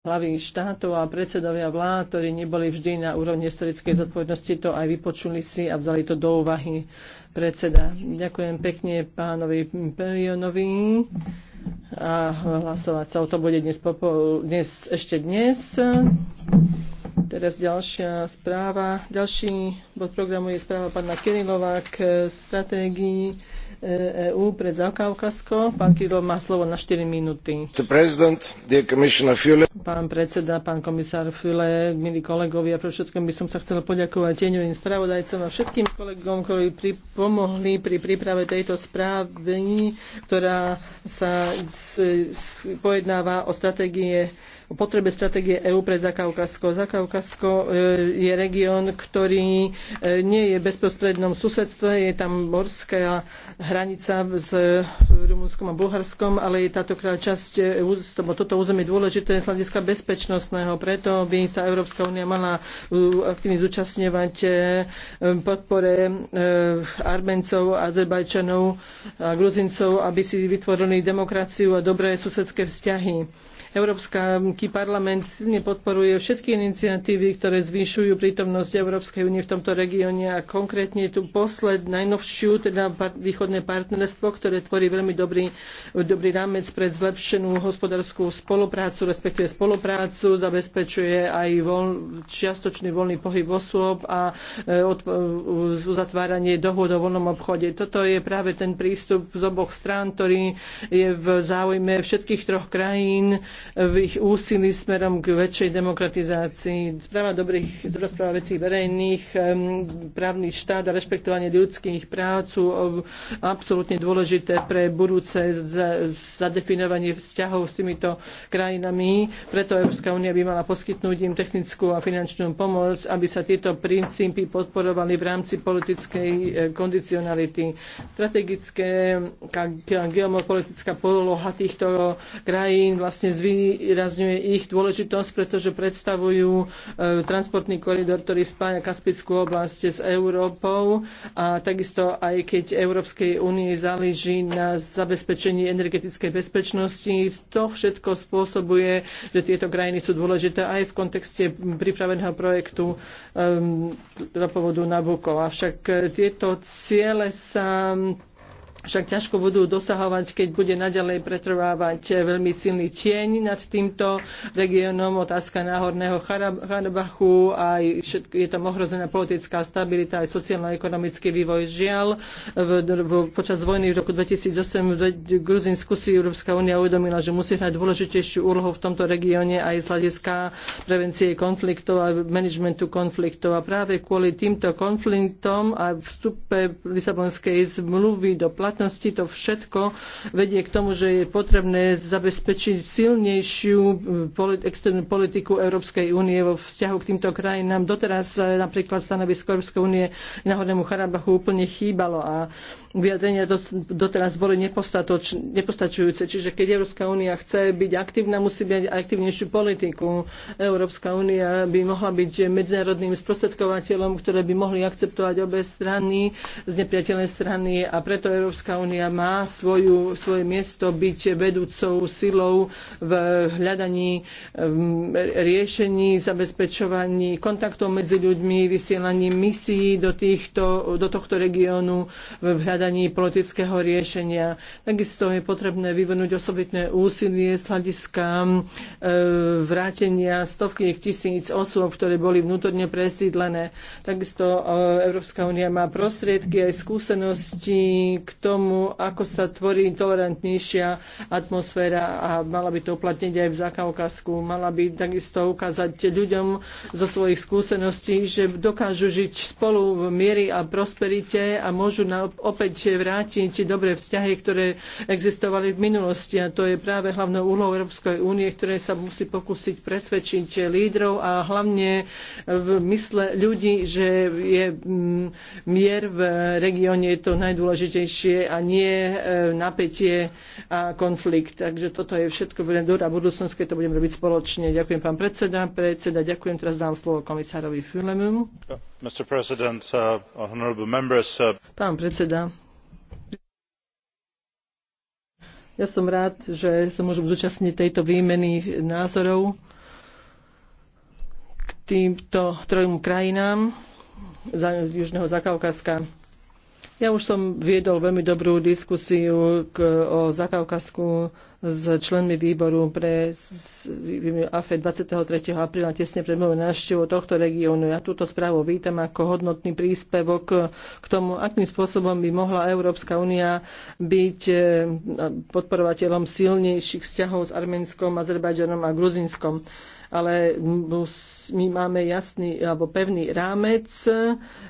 hlavy štátov a predsedovia vlád, ktorí neboli vždy na úrovni historickej zodpovednosti, to aj vypočuli si a vzali to do úvahy predseda. Ďakujem pekne pánovi Perionovi a hlasovať sa o to bude dnes, popo- dnes ešte dnes. Teraz ďalšia správa. Ďalší bod programu je správa pána Kirilova k stratégii EÚ e pre Zakaukasko. Pán Kirov má slovo na 4 minúty. Pán predseda, pán komisár File, milí kolegovia, pre všetkom by som sa chcel poďakovať tieňovým spravodajcom a všetkým kolegom, ktorí pri, pomohli pri príprave tejto správy, ktorá sa pojednáva o stratégie o potrebe stratégie EÚ pre Zakaukasko. Zakaukasko e, je región, ktorý e, nie je v bezprostrednom susedstve, je tam morská hranica s Rumunskom a Bulharskom, ale je táto časť, e, toto územie dôležité z hľadiska bezpečnostného, preto by sa Európska únia mala aktívne zúčastňovať podpore Armencov, Azerbajčanov a Gruzincov, aby si vytvorili demokraciu a dobré susedské vzťahy Európsky parlament silne podporuje všetky iniciatívy, ktoré zvyšujú prítomnosť Európskej únie v tomto regióne a konkrétne tú posled, najnovšiu, teda východné partnerstvo, ktoré tvorí veľmi dobrý, dobrý rámec pre zlepšenú hospodárskú spoluprácu, respektíve spoluprácu, zabezpečuje aj voľ, čiastočný voľný pohyb osôb a e, e, uzatváranie dohod o voľnom obchode. Toto je práve ten prístup z oboch strán, ktorý je v záujme všetkých troch krajín v ich úsilí smerom k väčšej demokratizácii. Správa dobrých rozpráva vecí verejných, právny štát a rešpektovanie ľudských práv sú absolútne dôležité pre budúce zadefinovanie vzťahov s týmito krajinami. Preto Európska únia by mala poskytnúť im technickú a finančnú pomoc, aby sa tieto princípy podporovali v rámci politickej e, kondicionality. Strategická geomopolitická poloha týchto krajín vlastne zvýšila zvýrazňuje ich dôležitosť, pretože predstavujú e, transportný koridor, ktorý spája Kaspickú oblasť s Európou a takisto aj keď Európskej únie záleží na zabezpečení energetickej bezpečnosti, to všetko spôsobuje, že tieto krajiny sú dôležité aj v kontexte pripraveného projektu ropovodu e, teda Nabucco. Avšak e, tieto ciele sa však ťažko budú dosahovať, keď bude naďalej pretrvávať veľmi silný tieň nad týmto regiónom. Otázka náhorného Karabachu, aj všetko, je tam ohrozená politická stabilita, aj sociálno-ekonomický vývoj. Žiaľ, v, v, počas vojny v roku 2008 v Gruzinsku si Európska únia uvedomila, že musí hrať dôležitejšiu úlohu v tomto regióne aj z hľadiska prevencie konfliktov a managementu konfliktov. A práve kvôli týmto konfliktom a vstupe Lisabonskej zmluvy do platnosti platnosti, to všetko vedie k tomu, že je potrebné zabezpečiť silnejšiu eh, externú politiku Európskej únie vo vzťahu k týmto krajinám. Doteraz eh, napríklad stanovisko Európskej únie náhodnému Charabachu úplne chýbalo a vyjadrenia doteraz boli nepostačujúce. Čiže keď Európska únia chce byť aktívna, musí byť aktívnejšiu politiku. Európska únia by mohla byť medzinárodným sprostredkovateľom, ktoré by mohli akceptovať obe strany z nepriateľnej strany a preto Európska Európska únia má svoju, svoje miesto byť vedúcou silou v hľadaní ehm, riešení, zabezpečovaní kontaktov medzi ľuďmi, vysielaní misií do, týchto, do tohto regiónu v hľadaní politického riešenia. Takisto je potrebné vyvinúť osobitné úsilie z hľadiska ehm, vrátenia stovky tisíc osôb, ktoré boli vnútorne presídlené. Takisto ehm, Európska únia má prostriedky aj skúsenosti, ktoré tomu, ako sa tvorí tolerantnejšia atmosféra a mala by to uplatniť aj v Zakaukazku. Mala by takisto ukázať ľuďom zo svojich skúseností, že dokážu žiť spolu v miery a prosperite a môžu na, opäť vrátiť dobré vzťahy, ktoré existovali v minulosti. A to je práve hlavnou úlohou Európskej únie, ktoré sa musí pokúsiť presvedčiť lídrov a hlavne v mysle ľudí, že je mm, mier v regióne je to najdôležitejšie a nie e, napätie a konflikt. Takže toto je všetko veľmi dobrá budúcnosť, keď to budeme robiť spoločne. Ďakujem pán predseda. Predseda, ďakujem. Teraz dám slovo komisárovi Fulemu. Uh, uh, pán predseda, ja som rád, že sa môžem zúčastniť tejto výmeny názorov k týmto trojom krajinám z Južného Zakaukaska. Ja už som viedol veľmi dobrú diskusiu k, o Zakaukasku s členmi výboru pre AFE 23. apríla tesne pred mojou návštevou tohto regiónu. Ja túto správu vítam ako hodnotný príspevok k tomu, akým spôsobom by mohla Európska únia byť e, podporovateľom silnejších vzťahov s Arménskom, Azerbajdžanom a Gruzinskom ale my máme jasný alebo pevný rámec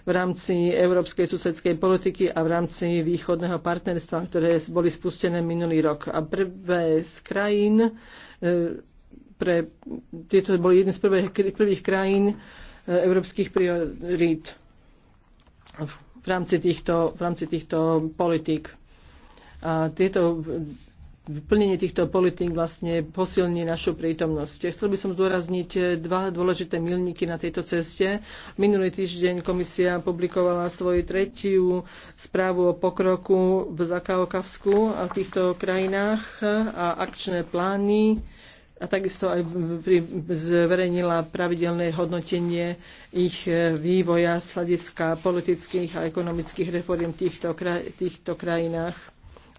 v rámci európskej susedskej politiky a v rámci východného partnerstva, ktoré boli spustené minulý rok. A prvé z krajín, e, pre, tieto boli jedné z prvých, prvých krajín e, európskych priorít v rámci týchto, v rámci týchto politik. A tieto plnenie týchto politík vlastne posilní našu prítomnosť. Chcel by som zdôrazniť dva dôležité milníky na tejto ceste. Minulý týždeň komisia publikovala svoju tretiu správu o pokroku v Zakaokavsku a v týchto krajinách a akčné plány a takisto aj zverejnila pravidelné hodnotenie ich vývoja z hľadiska politických a ekonomických reform v týchto, kraj, týchto krajinách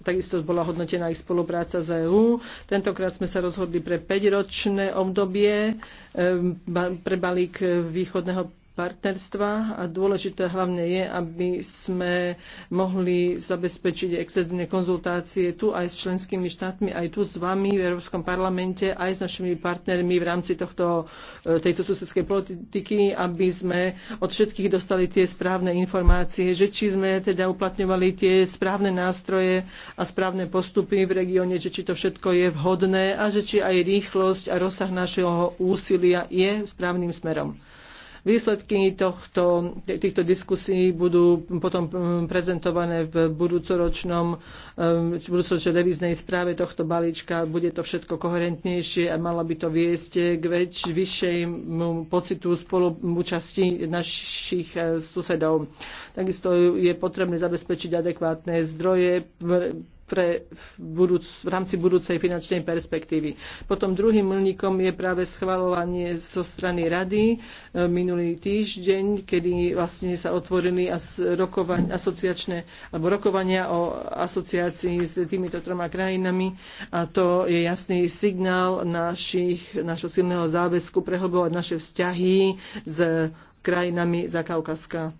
Takisto bola hodnotená ich spolupráca z EÚ. Tentokrát sme sa rozhodli pre 5-ročné obdobie ehm, pre balík východného partnerstva a dôležité hlavne je, aby sme mohli zabezpečiť extenzívne konzultácie tu aj s členskými štátmi, aj tu s vami v Európskom parlamente, aj s našimi partnermi v rámci tohto, e, tejto susedskej politiky, aby sme od všetkých dostali tie správne informácie, že či sme teda uplatňovali tie správne nástroje a správne postupy v regióne, že či to všetko je vhodné a že či aj rýchlosť a rozsah našeho úsilia je správnym smerom. Výsledky tohto, týchto diskusí budú potom mm, prezentované v budúcoročnom, mm, v budúcoročnej revíznej správe tohto balíčka. Bude to všetko koherentnejšie a malo by to viesť k väč, vyššiemu pocitu spoluúčasti našich e, susedov. Takisto je potrebné zabezpečiť adekvátne zdroje pre budúc, v rámci budúcej finančnej perspektívy. Potom druhým milníkom je práve schvalovanie zo strany rady e, minulý týždeň, kedy vlastne sa otvorili as, rokovan, asociačné, alebo rokovania o asociácii s týmito troma krajinami a to je jasný signál našich, našho silného záväzku prehlbovať naše vzťahy s krajinami za Kaukazka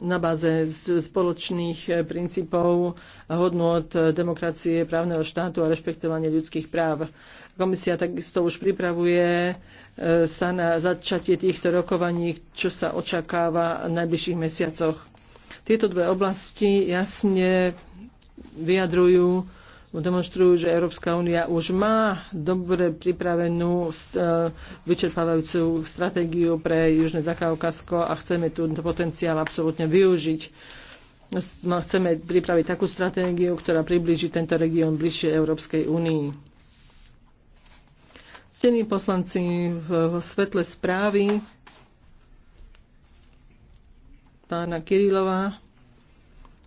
na báze spoločných eh, princípov hodnot eh, demokracie, právneho štátu a rešpektovanie ľudských práv. Komisia takisto už pripravuje eh, sa na začatie týchto rokovaní, čo sa očakáva v najbližších mesiacoch. Tieto dve oblasti jasne vyjadrujú demonstrujú, že Európska únia už má dobre pripravenú e, vyčerpávajúcu stratégiu pre Južné Zakaukasko a chceme tento potenciál absolútne využiť. No, chceme pripraviť takú stratégiu, ktorá priblíži tento región bližšie Európskej únii. Stení poslanci v svetle správy pána Kirilova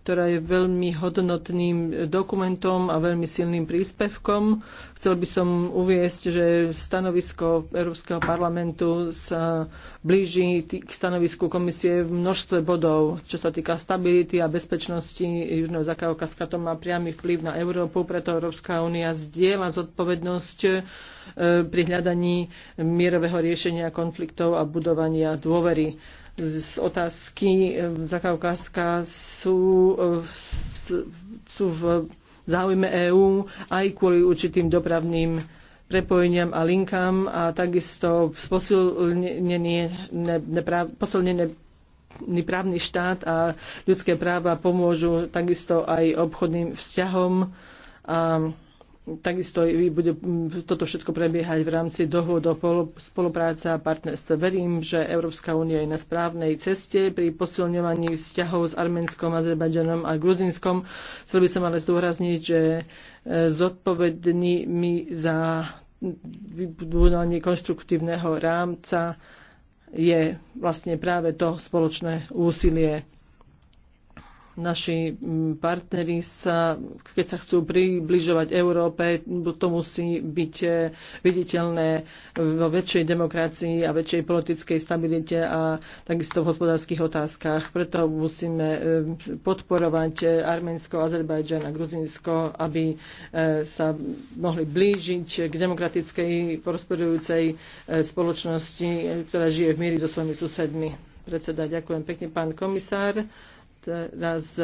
ktorá je veľmi hodnotným dokumentom a veľmi silným príspevkom. Chcel by som uviesť, že stanovisko Európskeho parlamentu sa blíži k stanovisku komisie v množstve bodov, čo sa týka stability a bezpečnosti Južného Zakaukaska. To má priamy vplyv na Európu, preto Európska únia zdieľa zodpovednosť e, pri hľadaní mierového riešenia konfliktov a budovania dôvery z otázky zakaukázka e, sú, e, sú v záujme EÚ aj kvôli určitým dopravným prepojeniam a linkám a takisto posilnené právny štát a ľudské práva pomôžu takisto aj obchodným vzťahom a Takisto bude toto všetko prebiehať v rámci dohôd o spolupráca a partnerstve. Verím, že Európska únia je na správnej ceste pri posilňovaní vzťahov s Arménskom, Azerbajdžanom a Gruzinskom. Chcel by som ale zdôrazniť, že e, zodpovednými za vybudovanie konštruktívneho rámca je vlastne práve to spoločné úsilie naši mm, partneri sa, keď sa chcú približovať Európe, to musí byť eh, viditeľné vo väčšej demokracii a väčšej politickej stabilite a takisto v hospodárskych otázkach. Preto musíme eh, podporovať eh, Arménsko, Azerbajdžan a Gruzinsko, aby sa mohli blížiť k demokratickej prosperujúcej spoločnosti, ktorá žije v míri so svojimi susedmi. Predseda, ďakujem pekne, pán komisár teraz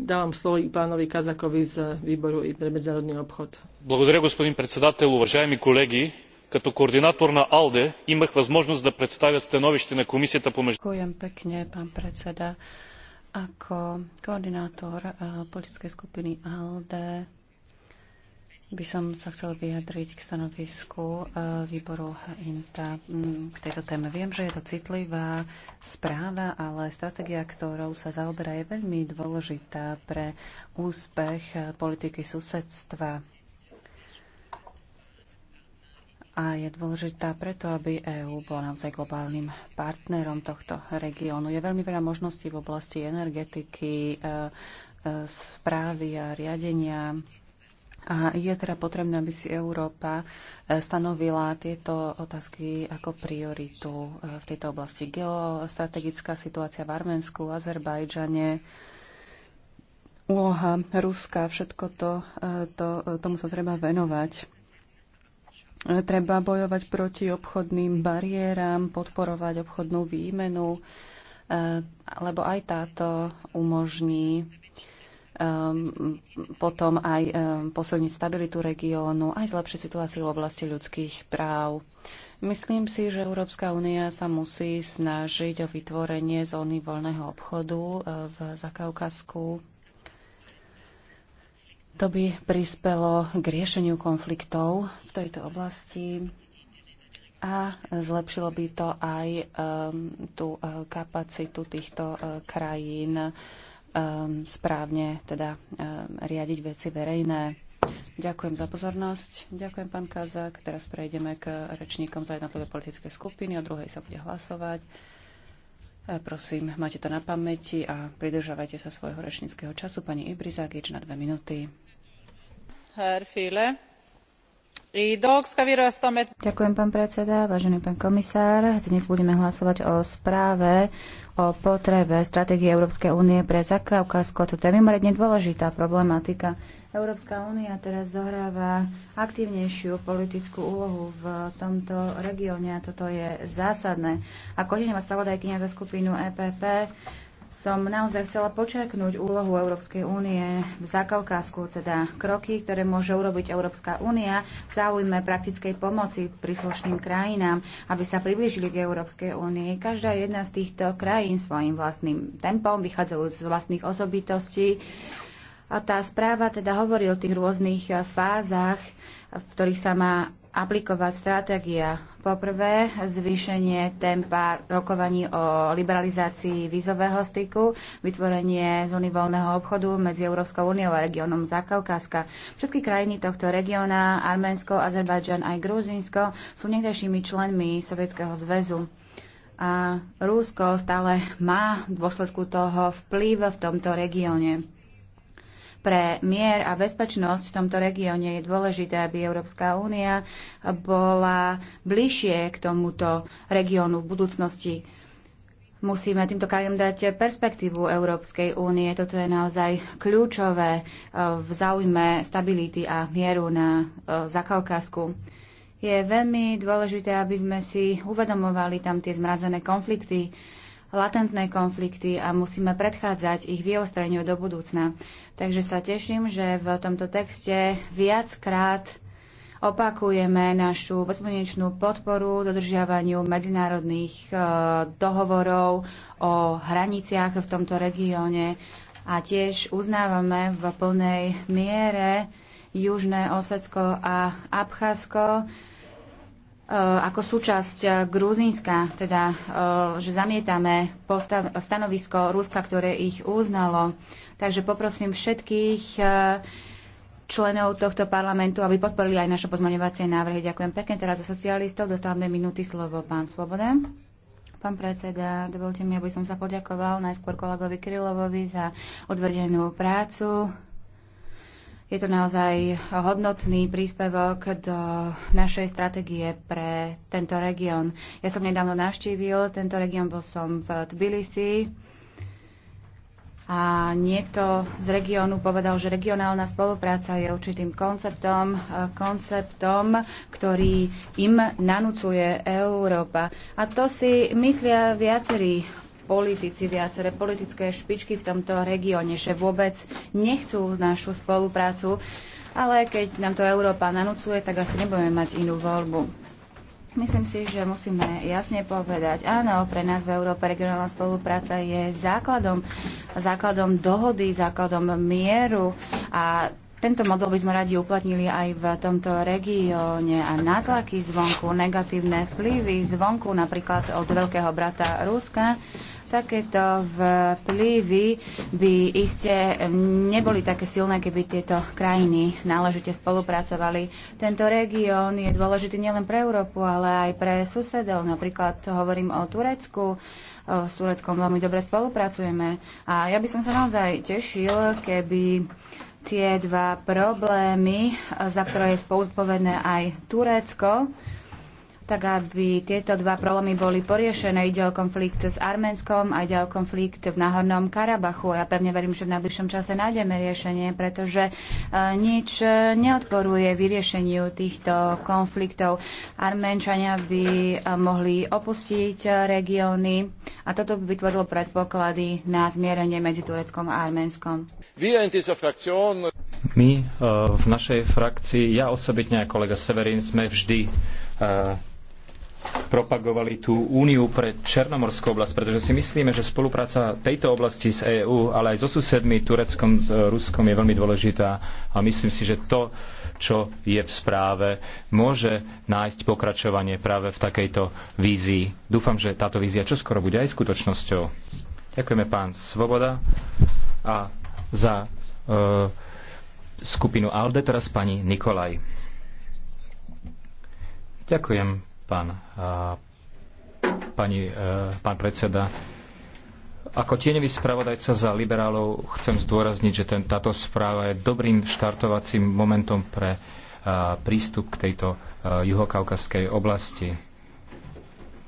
Dávam slovo i pánovi Kazakovi z výboru i pre medzinárodný obchod. Благодаря, господин председател. Уважаеми колеги, като координатор на АЛДЕ имах възможност да представя становище на Комисията по международни... пекне, пан председа. Ako koordinátor politickej skupiny ALDE by som sa chcel vyjadriť k stanovisku e, výboru INTA k tejto téme. Viem, že je to citlivá správa, ale stratégia, ktorou sa zaoberá, je veľmi dôležitá pre úspech e, politiky susedstva. A je dôležitá preto, aby EÚ bola naozaj globálnym partnerom tohto regiónu. Je veľmi veľa možností v oblasti energetiky, e, správy a riadenia a je teda potrebné, aby si Európa e, stanovila tieto otázky ako prioritu e, v tejto oblasti. Geostrategická situácia v Arménsku, Azerbajdžane, úloha Ruska, všetko to, e, to tomu sa treba venovať. Treba bojovať proti obchodným bariéram, podporovať obchodnú výmenu, lebo aj táto umožní Um, potom aj um, posilniť stabilitu regiónu, aj zlepšiť situáciu v oblasti ľudských práv. Myslím si, že Európska únia sa musí snažiť o vytvorenie zóny voľného obchodu uh, v Zakaukasku. To by prispelo k riešeniu konfliktov v tejto oblasti a zlepšilo by to aj um, tú uh, kapacitu týchto uh, krajín um, správne teda um, riadiť veci verejné. Ďakujem za pozornosť. Ďakujem, pán Kazak. Teraz prejdeme k rečníkom za jednotlivé politické skupiny. O druhej sa bude hlasovať. E, prosím, máte to na pamäti a pridržávajte sa svojho rečníckého času. Pani Ibrizagič na dve minúty. Herr Ďakujem, pán predseda, vážený pán komisár. Dnes budeme hlasovať o správe o potrebe stratégie Európskej únie pre Zakaukasko. Toto je mimoriadne dôležitá problematika. Európska únia teraz zohráva aktívnejšiu politickú úlohu v tomto regióne a toto je zásadné. Ako jediná spravodajkynia za skupinu EPP som naozaj chcela počaknúť úlohu Európskej únie v Zakaukásku, teda kroky, ktoré môže urobiť Európska únia v záujme praktickej pomoci príslušným krajinám, aby sa priblížili k Európskej únii. Každá jedna z týchto krajín svojim vlastným tempom, vychádzajúc z vlastných osobitostí. A tá správa teda hovorí o tých rôznych fázach, v ktorých sa má aplikovať stratégia Poprvé, zvýšenie tempa rokovaní o liberalizácii vízového styku, vytvorenie zóny voľného obchodu medzi Európskou úniou a regiónom Zakaukáska. Všetky krajiny tohto regióna, Arménsko, Azerbajdžan aj Gruzínsko, sú niekdejšími členmi Sovietskeho zväzu. A Rúsko stále má v dôsledku toho vplyv v tomto regióne. Pre mier a bezpečnosť v tomto regióne je dôležité, aby Európska únia bola bližšie k tomuto regiónu v budúcnosti. Musíme týmto krajom dať perspektívu Európskej únie. Toto je naozaj kľúčové eh, v záujme stability a mieru na eh, Zakaukasku. Je veľmi dôležité, aby sme si uvedomovali tam tie zmrazené konflikty, latentné konflikty a musíme predchádzať ich vyostreniu do budúcna. Takže sa teším, že v tomto texte viackrát opakujeme našu bezpodmienečnú podporu dodržiavaniu medzinárodných e, dohovorov o hraniciach v tomto regióne a tiež uznávame v plnej miere Južné Osecko a Abcházsko Eh, ako súčasť eh, Gruzínska, teda eh, že zamietame postav, stanovisko Ruska, ktoré ich uznalo. Takže poprosím všetkých členov tohto parlamentu, aby podporili aj naše pozmaňovacie návrhy. Ďakujem pekne. Teraz za socialistov dostávame minúty slovo pán Svoboda. Pán predseda, dovolte mi, aby som sa poďakoval najskôr kolegovi Krylovovi za odvedenú prácu je to naozaj hodnotný príspevok do našej stratégie pre tento región. Ja som nedávno navštívil tento región, bol som v Tbilisi a niekto z regiónu povedal, že regionálna spolupráca je určitým konceptom, konceptom, ktorý im nanúcuje Európa. A to si myslia viacerí politici, viaceré politické špičky v tomto regióne, že vôbec nechcú našu spoluprácu, ale keď nám to Európa nanúcuje, tak asi nebudeme mať inú voľbu. Myslím si, že musíme jasne povedať, áno, pre nás v Európe regionálna spolupráca je základom, základom dohody, základom mieru a tento model by sme radi uplatnili aj v tomto regióne a nátlaky zvonku, negatívne vplyvy zvonku, napríklad od veľkého brata Ruska, Takéto vplyvy by iste neboli také silné, keby tieto krajiny náležite spolupracovali. Tento región je dôležitý nielen pre Európu, ale aj pre susedov. Napríklad hovorím o Turecku. S Tureckom veľmi dobre spolupracujeme. A ja by som sa naozaj tešil, keby tie dva problémy, za ktoré je spolupovedné aj Turecko, tak aby tieto dva problémy boli poriešené. Ide o konflikt s Arménskom a ide o konflikt v Náhornom Karabachu. Ja pevne verím, že v najbližšom čase nájdeme riešenie, pretože e, nič e, neodporuje vyriešeniu týchto konfliktov. Arménčania by e, mohli opustiť regióny a toto by vytvorilo predpoklady na zmierenie medzi Tureckom a Arménskom. My v našej frakcii, ja osobitne a kolega Severin sme vždy propagovali tú úniu pre Černomorskú oblasť, pretože si myslíme, že spolupráca tejto oblasti s EÚ, ale aj so susedmi, Tureckom, e, Ruskom je veľmi dôležitá a myslím si, že to, čo je v správe, môže nájsť pokračovanie práve v takejto vízii. Dúfam, že táto vízia čoskoro bude aj skutočnosťou. Ďakujeme pán Svoboda a za e, skupinu ALDE teraz pani Nikolaj. Ďakujem, pán, pani, e, pán predseda. Ako tieňový spravodajca za liberálov chcem zdôrazniť, že ten, táto správa je dobrým štartovacím momentom pre prístup k tejto juhokaukaskej oblasti.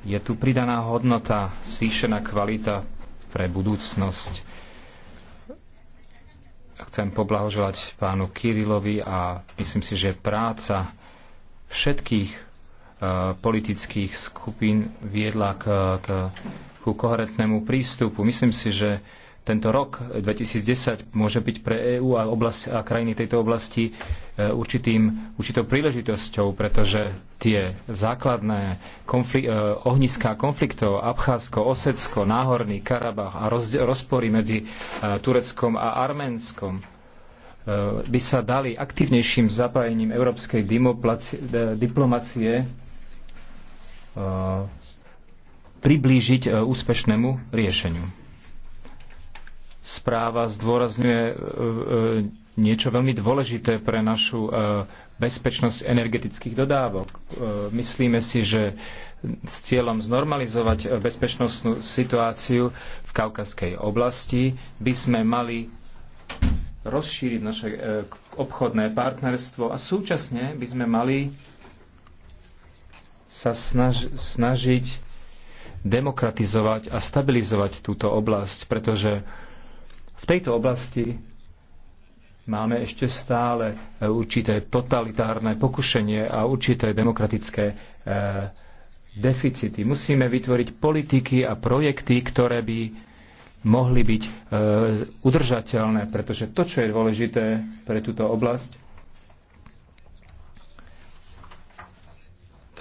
Je tu pridaná hodnota, zvýšená kvalita pre budúcnosť. Chcem poblahoželať pánu Kirilovi a myslím si, že práca všetkých Eh, politických skupín viedla k, k, k koherentnému prístupu. Myslím si, že tento rok 2010 môže byť pre EÚ a, oblasti, a krajiny tejto oblasti eh, určitým, určitou príležitosťou, pretože tie základné konflik- eh, ohniská konfliktov Abcházsko, Osecko, Náhorný, Karabach a roz, rozpory medzi Tureckom a Arménskom by sa dali aktívnejším zapájením európskej diplomacie E, priblížiť e, úspešnému riešeniu. Správa zdôrazňuje e, niečo veľmi dôležité pre našu bezpečnosť energetických dodávok. Myslíme si, že s cieľom znormalizovať bezpečnostnú situáciu v kaukaskej oblasti by sme mali rozšíriť naše obchodné partnerstvo a súčasne by sme mali sa snaž, snažiť demokratizovať a stabilizovať túto oblasť, pretože v tejto oblasti máme ešte stále e, určité totalitárne pokušenie a určité demokratické e, deficity. Musíme vytvoriť politiky a projekty, ktoré by mohli byť e, udržateľné, pretože to, čo je dôležité pre túto oblasť,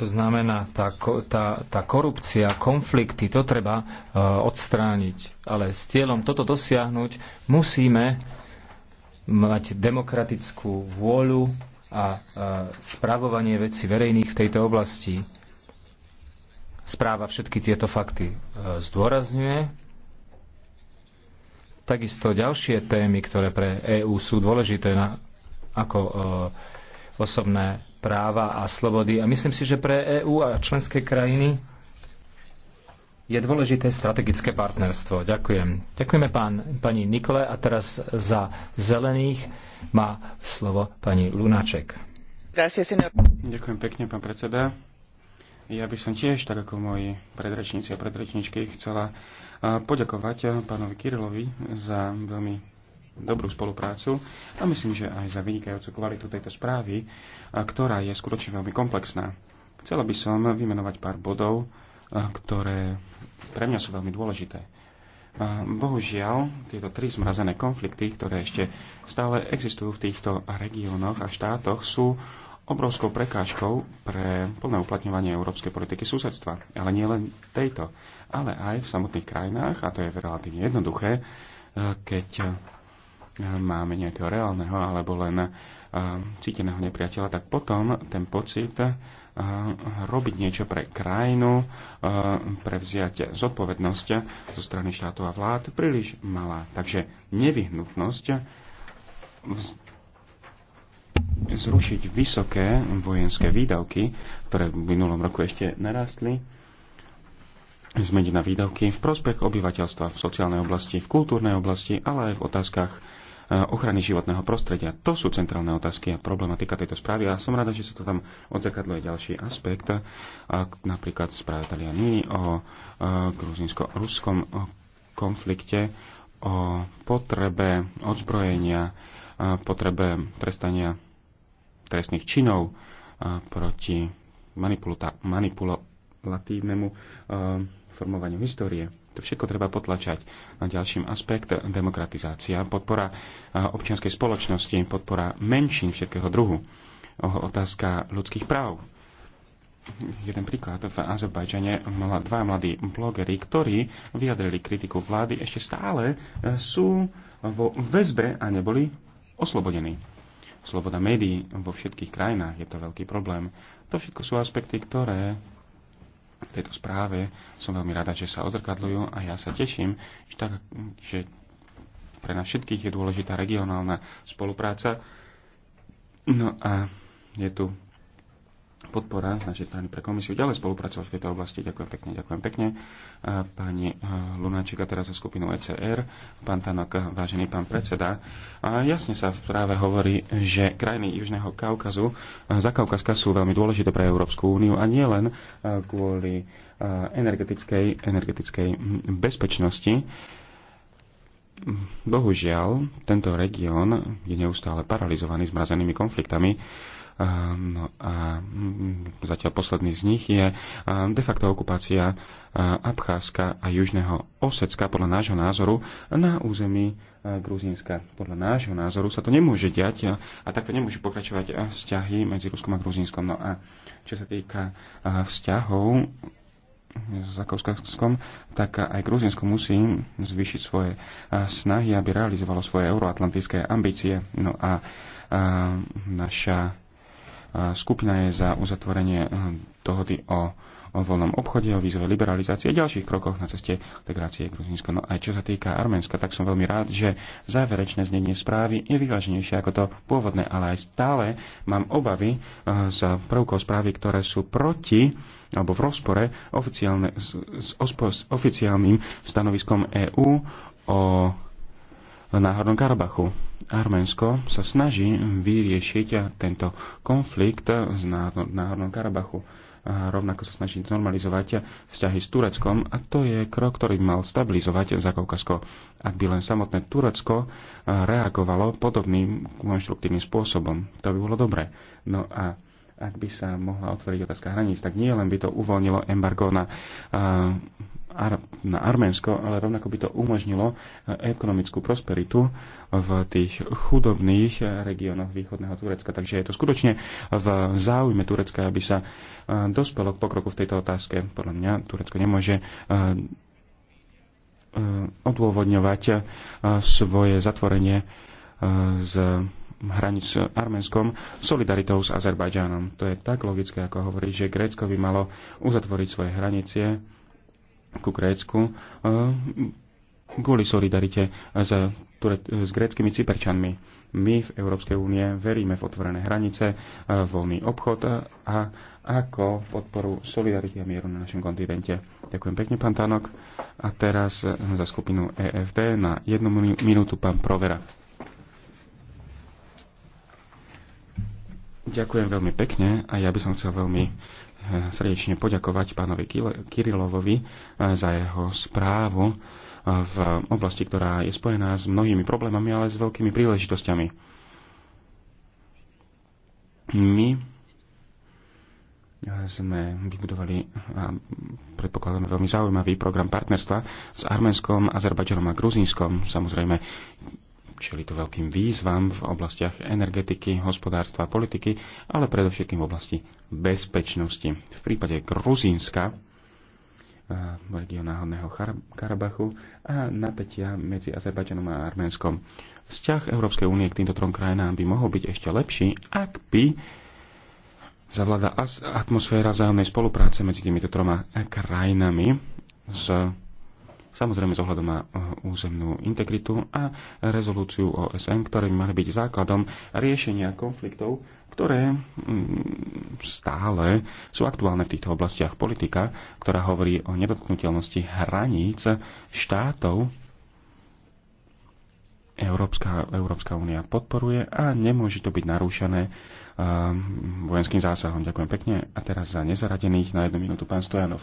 To znamená, tá, tá, tá korupcia, konflikty, to treba uh, odstrániť. Ale s cieľom toto dosiahnuť musíme mať demokratickú vôľu a uh, e, správovanie veci verejných v tejto oblasti. Správa všetky tieto fakty uh, zdôrazňuje. Takisto ďalšie témy, ktoré pre EÚ sú dôležité na, ako uh, osobné práva a slobody. A myslím si, že pre EÚ a členské krajiny je dôležité strategické partnerstvo. Ďakujem. Ďakujeme pán, pani Nikole a teraz za zelených má slovo pani Lunáček. Ďakujem pekne, pán predseda. Ja by som tiež, tak ako moji predračníci a predrečničky, chcela eh, poďakovať eh, pánovi Kirilovi za veľmi dobrú spoluprácu a myslím, že aj za vynikajúcu kvalitu tejto správy, ktorá je skutočne veľmi komplexná. Chcela by som vymenovať pár bodov, ktoré pre mňa sú veľmi dôležité. Bohužiaľ, tieto tri zmrazené konflikty, ktoré ešte stále existujú v týchto regiónoch a štátoch, sú obrovskou prekážkou pre plné uplatňovanie európskej politiky susedstva. Ale nie len tejto, ale aj v samotných krajinách, a to je relatívne jednoduché, keď máme nejakého reálneho alebo len eh, cíteného nepriateľa, tak potom ten pocit eh, robiť niečo pre krajinu, eh, prevziať zodpovednosť zo strany štátov a vlád príliš malá. Takže nevyhnutnosť zrušiť vysoké vojenské výdavky, ktoré v minulom roku ešte narastli, zmeniť na výdavky v prospech obyvateľstva v sociálnej oblasti, v kultúrnej oblasti, ale aj v otázkach Eh, ochrany životného prostredia. To sú centrálne otázky a problematika tejto správy a som rada, že sa to tam odzakadlo aj ďalší aspekt, eh, a napríklad správa Taliany o eh, gruzinsko-ruskom konflikte, o potrebe odzbrojenia, potrebe trestania trestných činov proti manipulatívnemu formovaniu histórie. To všetko treba potlačať. A ďalším aspekt demokratizácia, podpora občianskej spoločnosti, podpora menšín všetkého druhu, otázka ľudských práv. Jeden príklad. V Azerbajdžane dva mladí blogeri, ktorí vyjadrili kritiku vlády, ešte stále e, sú vo väzbe a neboli oslobodení. Sloboda médií vo všetkých krajinách je to veľký problém. To všetko sú aspekty, ktoré v tejto správe. Som veľmi rada, že sa odzrkadľujú a ja sa teším, že, tak, že pre nás všetkých je dôležitá regionálna spolupráca. No a je tu podpora z našej strany pre komisiu ďalej spolupracovať v tejto oblasti. Ďakujem pekne, ďakujem pekne. Pani Lunáčika teraz so skupinou ECR, pán Tanok, vážený pán predseda. Jasne sa práve hovorí, že krajiny Južného Kaukazu, za Kaukazka sú veľmi dôležité pre Európsku úniu a nie len kvôli energetickej, energetickej bezpečnosti, Bohužiaľ, tento región je neustále paralizovaný zmrazenými konfliktami No a mm, zatiaľ posledný z nich je de facto okupácia Abcházska a Južného Osecka podľa nášho názoru na území Gruzínska. Podľa nášho názoru sa to nemôže diať a takto nemôžu pokračovať vzťahy medzi Ruskom a Gruzínskom. No a čo sa týka vzťahov s Zakovskom, tak aj Gruzinsko musí zvýšiť svoje snahy, aby realizovalo svoje euroatlantické ambície. No a naša Skupina je za uzatvorenie eh, dohody o, o voľnom obchode, o vízovej liberalizácii a ďalších krokoch na ceste integrácie Gruzínska. No aj čo sa týka Arménska, tak som veľmi rád, že záverečné znenie správy je vyváženejšie ako to pôvodné, ale aj stále mám obavy eh, z prvkov správy, ktoré sú proti alebo v rozpore oficiálne, s, s, s oficiálnym stanoviskom EÚ o Náhodnom Karabachu Arménsko sa snaží vyriešiť tento konflikt z Národnom Karabachu. A rovnako sa snaží normalizovať vzťahy s Tureckom a to je krok, ktorý mal stabilizovať Zakaukasko. Ak by len samotné Turecko reagovalo podobným konštruktívnym spôsobom, to by bolo dobré. No a ak by sa mohla otvoriť otázka hraníc, tak nie len by to uvoľnilo embargo na uh, na Arménsko, ale rovnako by to umožnilo e, ekonomickú prosperitu v tých chudobných e, regiónoch východného Turecka. Takže je to skutočne v záujme Turecka, aby sa e, dospelo k pokroku v tejto otázke. Podľa mňa Turecko nemôže odôvodňovať svoje zatvorenie z hranic s Arménskom solidaritou s Azerbajdžánom. To je tak logické, ako hovorí, že Grécko by malo uzatvoriť svoje hranice ku Grécku eh, kvôli solidarite s, s gréckými cyperčanmi. My v Európskej únie veríme v otvorené hranice, eh, voľný obchod a ako podporu solidarity a mieru na našom kontinente. Ďakujem pekne, pán Tanok. A teraz eh, za skupinu EFD na jednu minútu pán Provera. Ďakujem veľmi pekne a ja by som chcel veľmi srdečne poďakovať pánovi Kirilovovi eh, za jeho správu eh, v oblasti, ktorá je spojená s mnohými problémami, ale s veľkými príležitosťami. My eh, sme vybudovali a predpokladáme veľmi zaujímavý program partnerstva s Arménskom, Azerbajdžanom a Gruzínskom. Samozrejme, čeli tu veľkým výzvam v oblastiach energetiky, hospodárstva a politiky, ale predovšetkým v oblasti bezpečnosti. V prípade Gruzínska, eh, región náhodného Karabachu a napätia medzi Azerbajdžanom a Arménskom. Vzťah Európskej únie k týmto trom krajinám by mohol byť ešte lepší, ak by zavláda atmosféra vzájomnej spolupráce medzi týmito troma krajinami s samozrejme zohľadom na eh, územnú integritu a rezolúciu OSN, ktoré by mali byť základom riešenia konfliktov, ktoré mm, stále sú aktuálne v týchto oblastiach. Politika, ktorá hovorí o nedotknutelnosti hraníc štátov, Európska, Európska únia podporuje a nemôže to byť narúšané eh, vojenským zásahom. Ďakujem pekne. A teraz za nezaradených na jednu minútu pán Stojanov.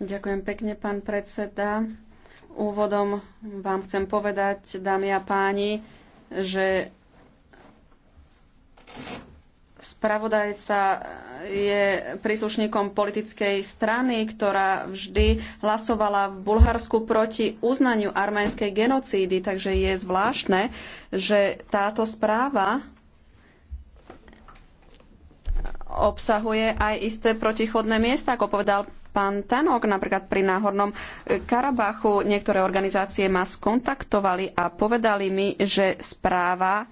Ďakujem pekne, pán predseda. Úvodom vám chcem povedať, dámy a páni, že spravodajca je príslušníkom politickej strany, ktorá vždy hlasovala v Bulharsku proti uznaniu arménskej genocídy, takže je zvláštne, že táto správa obsahuje aj isté protichodné miesta, ako povedal pán Tanok, napríklad pri Náhornom e, Karabachu, niektoré organizácie ma skontaktovali a povedali mi, že správa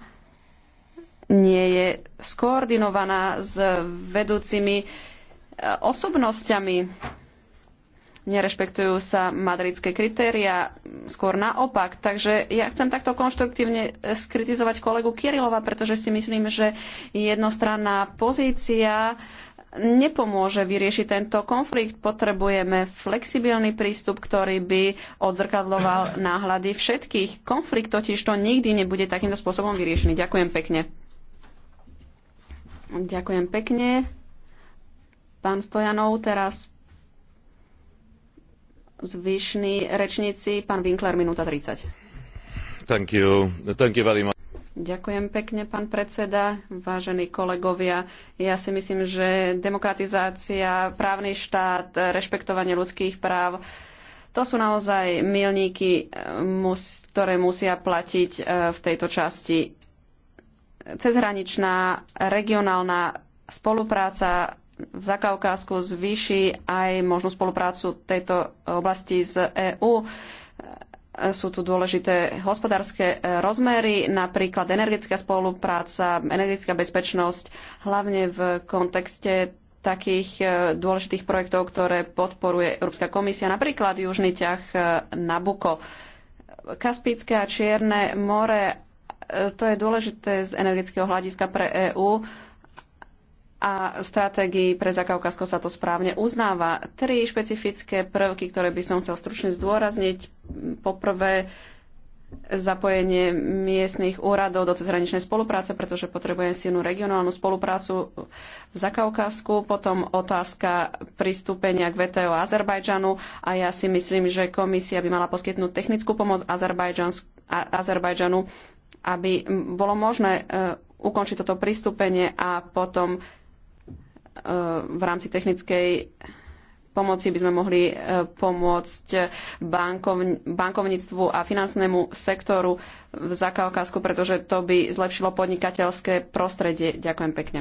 nie je skoordinovaná s vedúcimi e, osobnosťami. Nerešpektujú sa madridské kritéria, skôr naopak. Takže ja chcem takto konštruktívne e, skritizovať kolegu Kirilova, pretože si myslím, že jednostranná pozícia uh, nepomôže vyriešiť tento konflikt. Potrebujeme flexibilný prístup, ktorý by odzrkadloval náhľady všetkých. Konflikt totiž to nikdy nebude takýmto spôsobom vyriešený. Ďakujem pekne. Ďakujem pekne. Pán Stojanov, teraz zvyšný rečníci. Pán Winkler, minúta 30. Thank you. Thank you very much. Ďakujem pekne, pán predseda, vážení kolegovia. Ja si myslím, že demokratizácia, právny štát, rešpektovanie ľudských práv, to sú naozaj milníky, eh, ktoré musia platiť eh, v tejto časti. Cezhraničná regionálna spolupráca v Zakaukázku zvýši aj možnú spoluprácu tejto oblasti z EÚ. Sú tu dôležité hospodárske e, rozmery, napríklad energetická spolupráca, energetická bezpečnosť, hlavne v kontexte takých e, dôležitých projektov, ktoré podporuje Európska komisia, napríklad južný ťah e, Nabuko. Kaspické a Čierne more, to je dôležité z energetického hľadiska pre EÚ a v stratégii pre Zakaukazko sa to správne uznáva. Tri špecifické prvky, ktoré by som chcel stručne zdôrazniť. Poprvé, zapojenie miestnych úradov do cezhraničnej spolupráce, pretože potrebujeme silnú regionálnu spoluprácu v Zakaukazku. Potom otázka pristúpenia k VTO Azerbajdžanu a ja si myslím, že komisia by mala poskytnúť technickú pomoc Azerbajdžanu, aby bolo možné e, ukončiť toto pristúpenie a potom v rámci technickej pomoci by sme mohli e, pomôcť bankov, bankovníctvu a finančnému sektoru v Zakaukásku, pretože to by zlepšilo podnikateľské prostredie. Ďakujem pekne.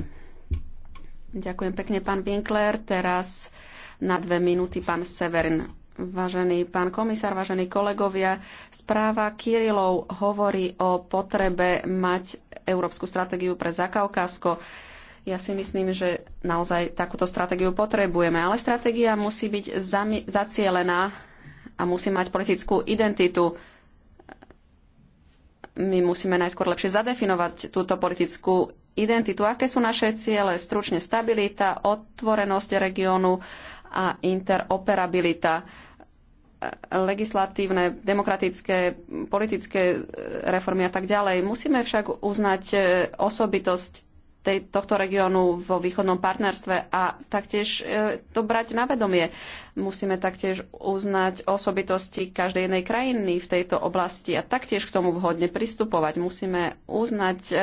Ďakujem pekne, pán Winkler. Teraz na dve minúty pán Severin. Vážený pán komisár, vážení kolegovia, správa Kirilov hovorí o potrebe mať európsku stratégiu pre Zakaukásko. Ja si myslím, že naozaj takúto stratégiu potrebujeme, ale stratégia musí byť zacielená a musí mať politickú identitu. My musíme najskôr lepšie zadefinovať túto politickú identitu. Aké sú naše ciele? Stručne stabilita, otvorenosť regiónu a interoperabilita legislatívne, demokratické, politické reformy a tak ďalej. Musíme však uznať osobitosť tej, tohto regiónu vo východnom partnerstve a taktiež e, to brať na vedomie. Musíme taktiež uznať osobitosti každej jednej krajiny v tejto oblasti a taktiež k tomu vhodne pristupovať. Musíme uznať e,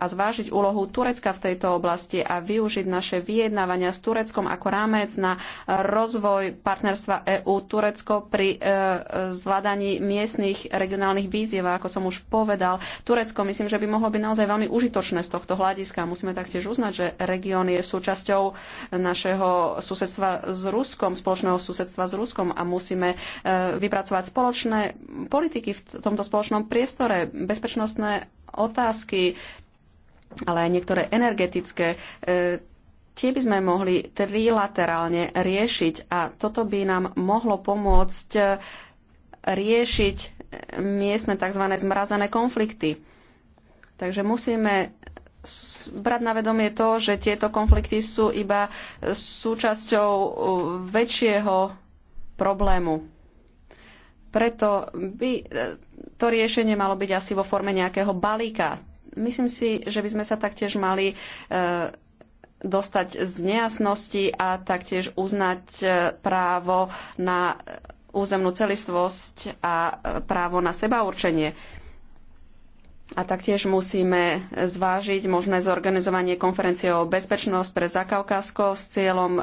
a zvážiť úlohu Turecka v tejto oblasti a využiť naše vyjednávania s Tureckom ako rámec na rozvoj partnerstva EU-Turecko pri e, zvládaní miestnych regionálnych výziev, A ako som už povedal, Turecko myslím, že by mohlo byť naozaj veľmi užitočné z tohto hľadiska Turecka. Musíme taktiež uznať, že región je súčasťou našeho susedstva s Ruskom, spoločného susedstva s Ruskom a musíme e, vypracovať spoločné politiky v tomto spoločnom priestore, bezpečnostné otázky, ale aj niektoré energetické e, tie by sme mohli trilaterálne riešiť a toto by nám mohlo pomôcť e, riešiť miestne tzv. zmrazené konflikty. Takže musíme brať na vedomie to, že tieto konflikty sú iba súčasťou uh, väčšieho problému. Preto by uh, to riešenie malo byť asi vo forme nejakého balíka. Myslím si, že by sme sa taktiež mali uh, dostať z nejasnosti a taktiež uznať právo na územnú celistvosť a právo na seba určenie a taktiež musíme zvážiť možné zorganizovanie konferencie o bezpečnosť pre Zakaukásko s cieľom e,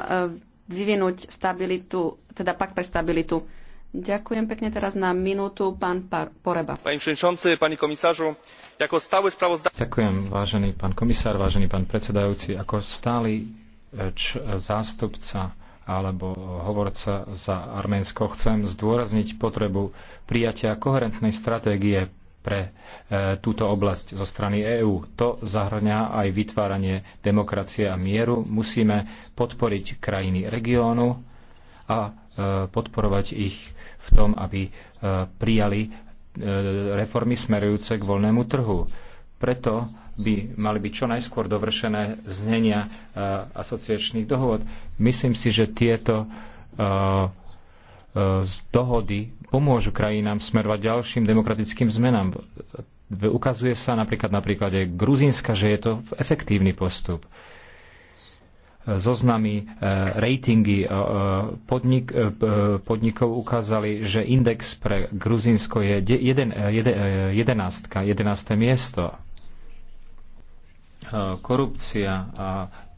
vyvinúť stabilitu, teda pak pre stabilitu. Ďakujem pekne teraz na minútu pán Poreba. Pani przewodniczący, pani komisážu, ako stále sprawozdaj... Ďakujem, vážený pán komisár, vážený pán predsedajúci, ako stály e, zástupca alebo hovorca za Arménsko chcem zdôrazniť potrebu prijatia koherentnej stratégie pre e, túto oblasť zo strany EÚ. To zahrňa aj vytváranie demokracie a mieru. Musíme podporiť krajiny regiónu a e, podporovať ich v tom, aby e, prijali reformy smerujúce k voľnému trhu. Preto by mali byť čo najskôr dovršené znenia asociačných dohôd. Myslím si, že tieto z dohody pomôžu krajinám smerovať ďalším demokratickým zmenám. Ukazuje sa napríklad na príklade Gruzínska, že je to efektívny postup e, zoznamy, e, ratingy e, podnik, podnikov ukázali, že index pre Gruzinsko je 11. 11. miesto. Korupcia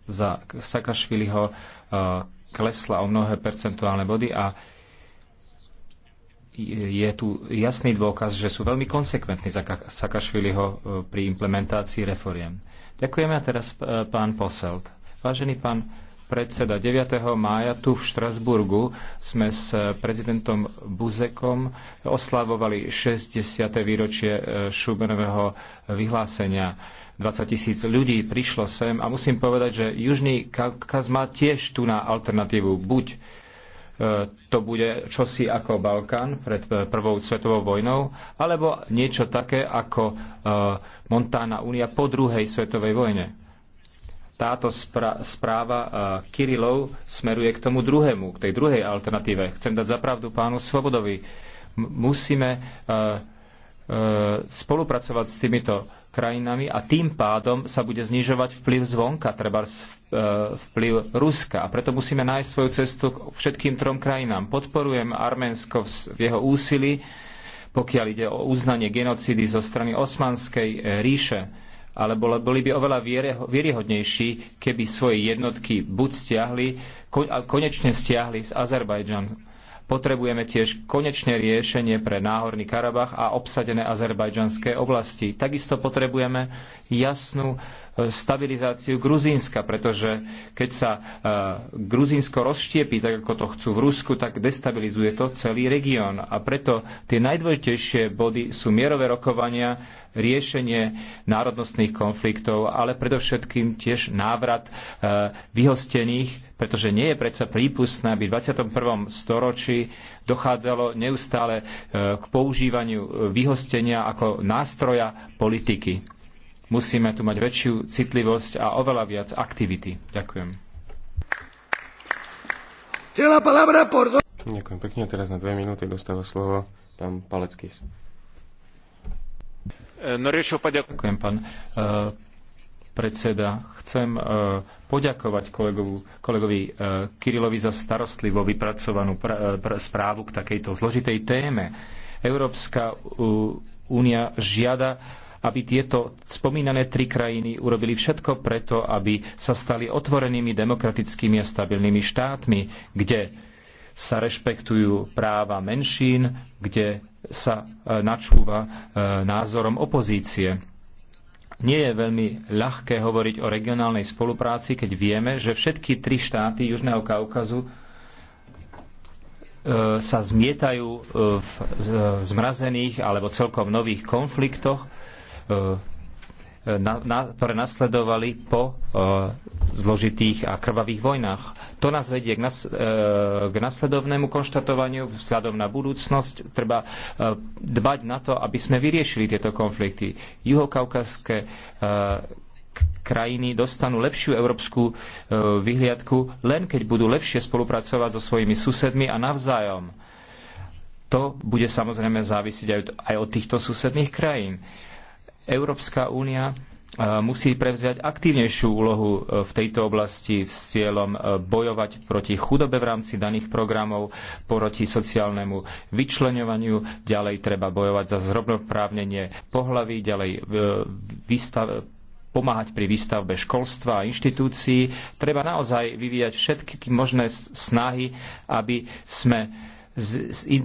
za Sakašviliho klesla o mnohé percentuálne body a je tu jasný dôkaz, že sú veľmi konsekventní za Sakašviliho e, pri implementácii reforiem. Ďakujeme a teraz e, pán Poselt. Vážený pán predseda, 9. mája tu v Štrasburgu sme s e, prezidentom Buzekom oslavovali 60. výročie Šubenového vyhlásenia. 20 tisíc ľudí prišlo sem a musím povedať, že Južný Kaukaz má tiež tu na alternatívu. Buď to bude čosi ako Balkán pred eh, prvou svetovou vojnou, alebo niečo také ako eh, Montana únia po druhej svetovej vojne. Táto správa eh, Kirilov smeruje k tomu druhému, k tej druhej alternatíve. Chcem dať zapravdu pánu Svobodovi. Musíme spolupracovať s týmito krajinami a tým pádom sa bude znižovať vplyv zvonka, treba e, vplyv Ruska. A preto musíme nájsť svoju cestu k všetkým trom krajinám. Podporujem Arménsko v jeho úsilí, pokiaľ ide o uznanie genocídy zo strany Osmanskej e, ríše, ale boli by oveľa vieryhodnejší, keby svoje jednotky buď stiahli, konečne stiahli z Azerbajdžanu Potrebujeme tiež konečné riešenie pre Náhorný Karabach a obsadené azerbajdžanské oblasti. Takisto potrebujeme jasnú stabilizáciu Gruzínska, pretože keď sa e, Gruzínsko rozštiepi, tak ako to chcú v Rusku, tak destabilizuje to celý región. A preto tie najdôležitejšie body sú mierové rokovania, riešenie národnostných konfliktov, ale predovšetkým tiež návrat e, vyhostených, pretože nie je predsa prípustné, aby v 21. storočí dochádzalo neustále e, k používaniu vyhostenia ako nástroja politiky Musíme tu mať väčšiu citlivosť a oveľa viac aktivity. Ďakujem. Ďakujem pekne. Teraz na dve minúty dostáva slovo pán Palecký. E, no, Ďakujem, pán e, predseda. Chcem e, poďakovať kolegovu, kolegovi Kirilovi za starostlivo vypracovanú správu k takejto zložitej téme. Európska únia žiada aby tieto spomínané tri krajiny urobili všetko preto, aby sa stali otvorenými demokratickými a stabilnými štátmi, kde sa rešpektujú práva menšín, kde sa e, načúva e, názorom opozície. Nie je veľmi ľahké hovoriť o regionálnej spolupráci, keď vieme, že všetky tri štáty Južného Kaukazu e, sa zmietajú v zmrazených alebo celkom nových konfliktoch E, na, na, ktoré nasledovali po uh, zložitých a krvavých vojnách. To nás vedie k, nas, uh, k nasledovnému konštatovaniu vzhľadom na budúcnosť. Treba uh, dbať na to, aby sme vyriešili tieto konflikty. Juhokaukazské uh, krajiny dostanú lepšiu európsku uh, vyhliadku, len keď budú lepšie spolupracovať so svojimi susedmi a navzájom. To bude samozrejme závisiť aj, aj od týchto susedných krajín. Uh, Európska únia e, musí prevziať aktívnejšiu úlohu e, v tejto oblasti s cieľom e, bojovať proti chudobe v rámci daných programov, proti sociálnemu vyčleňovaniu, ďalej treba bojovať za zrovnoprávnenie pohlaví, ďalej výstav, pomáhať pri výstavbe školstva a inštitúcií. Treba naozaj vyvíjať všetky možné snahy, aby sme E,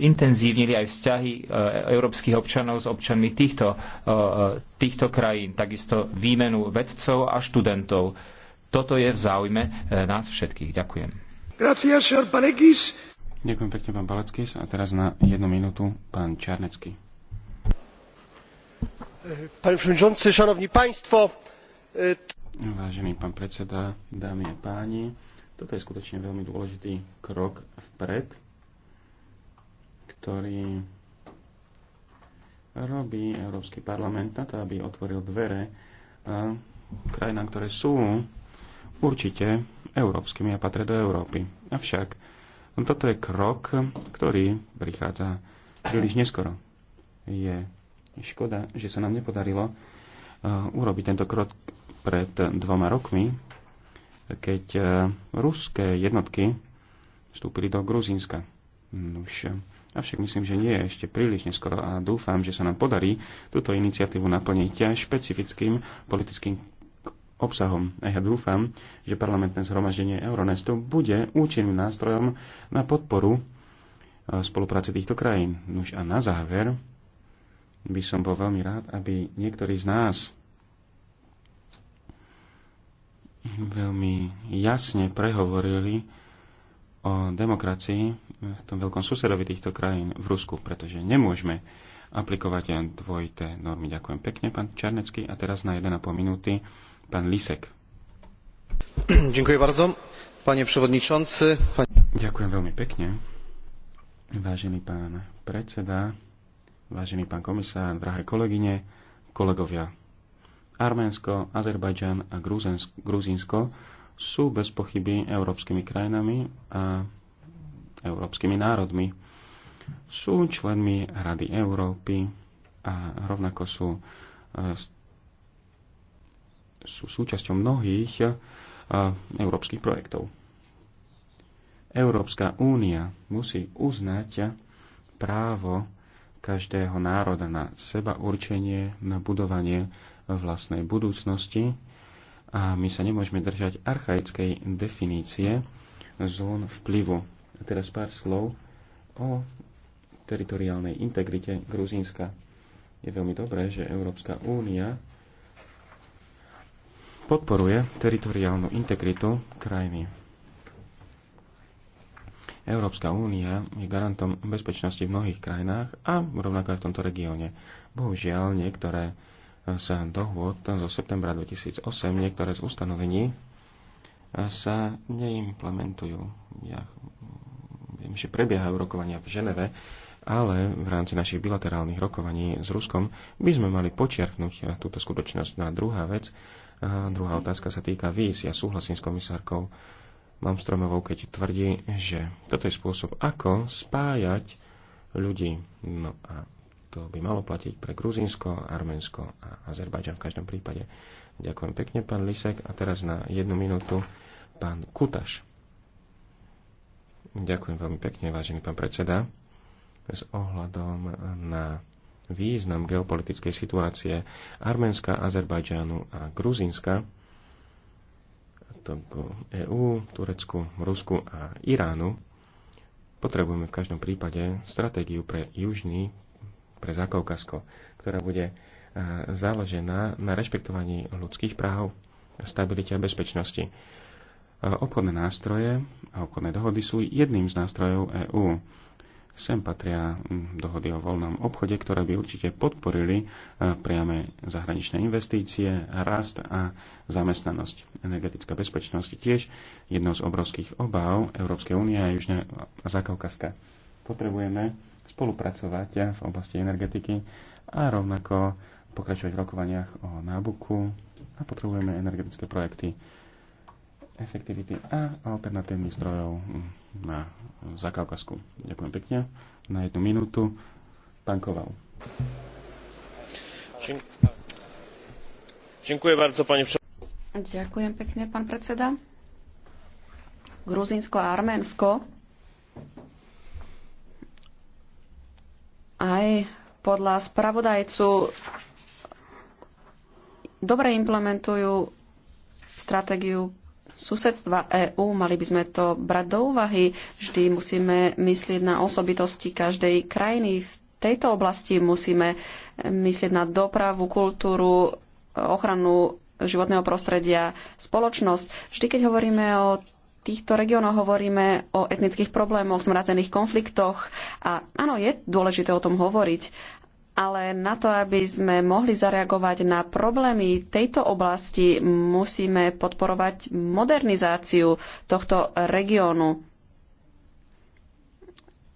intenzívnili aj vzťahy e, európskych občanov s občanmi týchto, e, týchto krajín, takisto výmenu vedcov a študentov. Toto je v záujme nás všetkých. Ďakujem. Gracias, Ďakujem pekne, pán Baleckis. A teraz na jednu minútu pán Čarnecký. Pán Vážený pán predseda, dámy a páni, toto je skutočne veľmi dôležitý krok vpred ktorý robí Európsky parlament na to, aby otvoril dvere e, krajinám, ktoré sú určite európskymi a patria do Európy. Avšak toto je krok, ktorý prichádza príliš neskoro. Je škoda, že sa nám nepodarilo e, urobiť tento krok pred dvoma rokmi, keď e, ruské jednotky vstúpili do Gruzínska. Už Avšak myslím, že nie je ešte príliš neskoro a dúfam, že sa nám podarí túto iniciatívu naplniť špecifickým politickým obsahom. A ja dúfam, že parlamentné zhromaždenie Euronestu bude účinným nástrojom na podporu e, spolupráce týchto krajín. Nuž a na záver by som bol veľmi rád, aby niektorí z nás veľmi jasne prehovorili o demokracii v tom veľkom susedovi týchto krajín v Rusku, pretože nemôžeme aplikovať dvojité normy. Ďakujem pekne, pán Čarnecký. A teraz na 1,5 minúty pán Lisek. Ďakujem bardzo, panie przewodniczący. Panie... Ďakujem veľmi pekne. Vážený pán predseda, vážený pán komisár, drahé kolegyne, kolegovia. Arménsko, Azerbajdžan a Gruzinsko sú bez pochyby európskymi krajinami a európskymi národmi. Sú členmi Rady Európy a rovnako sú, e, sú súčasťou mnohých e, európskych projektov. Európska únia musí uznať právo každého národa na seba určenie, na budovanie vlastnej budúcnosti a my sa nemôžeme držať archaickej definície zón vplyvu. A teraz pár slov o teritoriálnej integrite Gruzínska. Je veľmi dobré, že Európska únia podporuje teritoriálnu integritu krajiny. Európska únia je garantom bezpečnosti v mnohých krajinách a rovnako aj v tomto regióne. Bohužiaľ, niektoré sa dohôd zo septembra 2008 niektoré z ustanovení sa neimplementujú. Ja viem, že prebiehajú rokovania v Ženeve, ale v rámci našich bilaterálnych rokovaní s Ruskom by sme mali počiarknúť túto skutočnosť. na no druhá vec, a druhá otázka sa týka víz. Ja súhlasím s komisárkou Malmstromovou, keď tvrdí, že toto je spôsob, ako spájať ľudí. No a to by malo platiť pre Gruzínsko, Arménsko a Azerbajdžan v každom prípade. Ďakujem pekne, pán Lisek. A teraz na jednu minútu pán Kutaš. Ďakujem veľmi pekne, vážený pán predseda. S ohľadom na význam geopolitickej situácie Arménska, Azerbajdžánu a Gruzínska, to EÚ, Turecku, Rusku a Iránu, potrebujeme v každom prípade stratégiu pre južný pre Zakaukasko, ktorá bude e, založená na rešpektovaní ľudských práv, stabilite a bezpečnosti. E, obchodné nástroje a obchodné dohody sú jedným z nástrojov EÚ. Sem patria dohody o voľnom obchode, ktoré by určite podporili e, priame zahraničné investície, rast a zamestnanosť. Energetická bezpečnosť tiež jednou z obrovských obáv Európskej únie a Južná Zakaukaska. Potrebujeme spolupracovať v oblasti energetiky a rovnako pokračovať v rokovaniach o nábuku a potrebujeme energetické projekty efektivity a alternatívnych zdrojov na Zakaukasku. Ďakujem pekne. Na jednu minútu. Pán Koval. Ďakujem bardzo, pani všetko. Ďakujem pekne, pán predseda. Gruzinsko a Arménsko aj podľa spravodajcu dobre implementujú stratégiu susedstva EÚ, mali by sme to brať do úvahy. Vždy musíme myslieť na osobitosti každej krajiny. V tejto oblasti musíme myslieť na dopravu, kultúru, ochranu životného prostredia, spoločnosť. Vždy, keď hovoríme o týchto regiónoch hovoríme o etnických problémoch, zmrazených konfliktoch a áno, je dôležité o tom hovoriť, ale na to, aby sme mohli zareagovať na problémy tejto oblasti, musíme podporovať modernizáciu tohto regiónu.